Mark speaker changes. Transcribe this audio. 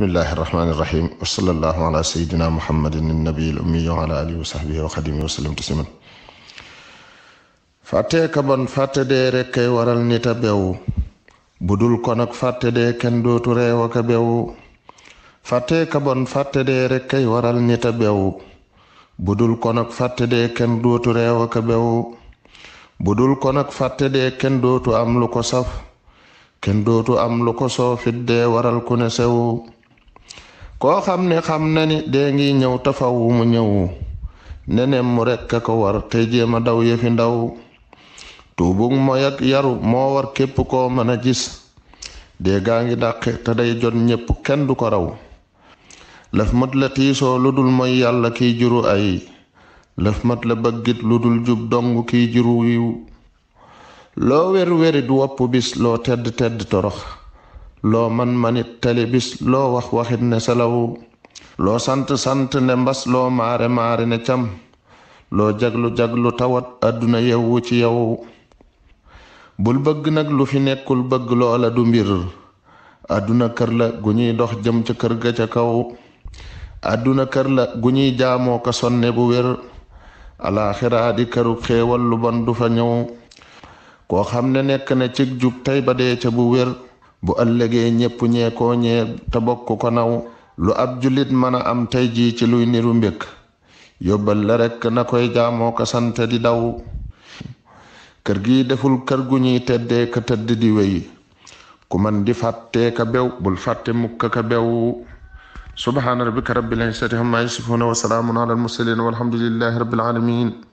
Speaker 1: bismillahi irrahmaani irrahim wasala allahu ala sayidina muhammadin fàtte dee rekk kay waral kenn dootu reew aka bew fàttee ka bon waral nit a bew bu dul kenn dootu reew aka bew bu dul kenn dootu am saf kenn dootu am lu waral ku koo xam ne xam na ni dee ngi ñëw tafaw mu ñëw nenem mu rekk a ko war te jéem daw yëfi ndaw tuubug mooy ak yaru moo war képp koo mën a gis dee gaa ngi dàqe te day jot ñépp kenn du ko raw laf mat la tiisoo lu dul mooy yàlla kiy juru ay laf mat la bëggit lu dul jub dong kiy juru yiw loo wér wérit wopp bis loo tedd tedd torox loo man manit tali loo wax waxit ne salawu loo sant sant ne mbas loo maare maare ne cam loo jaglu jaglu tawat àdduna yewwu ci yow bul bëgg nag lu fi nekkul bëgg loola du mbir àdduna kër la gu ñuy dox jëm ca kër ga ca kaw àdduna kër la gu ñuy jaamoo ko sonne bu wér alaaxiraa di këru xéewal lu bon fa ñëw koo xam ne nekk na cig jub tey ba ca bu wér bu ëllëgee ñépp ñee koo ñee te bokk ko naw lu ab jullit mën a am tey jii ci luy niru mbékk yóbbal la rekk na koy jaamoo ko sant di daw kër gi deful kër gu ñuy teddee ka tëdd di wéy ku man di fàttee ka bew bul fàtte mukk ka bew subhaana rabbika rabbil izzati amma yasifuuna wa salaamun ala al mursalin walhamdulillahi rabbil alamin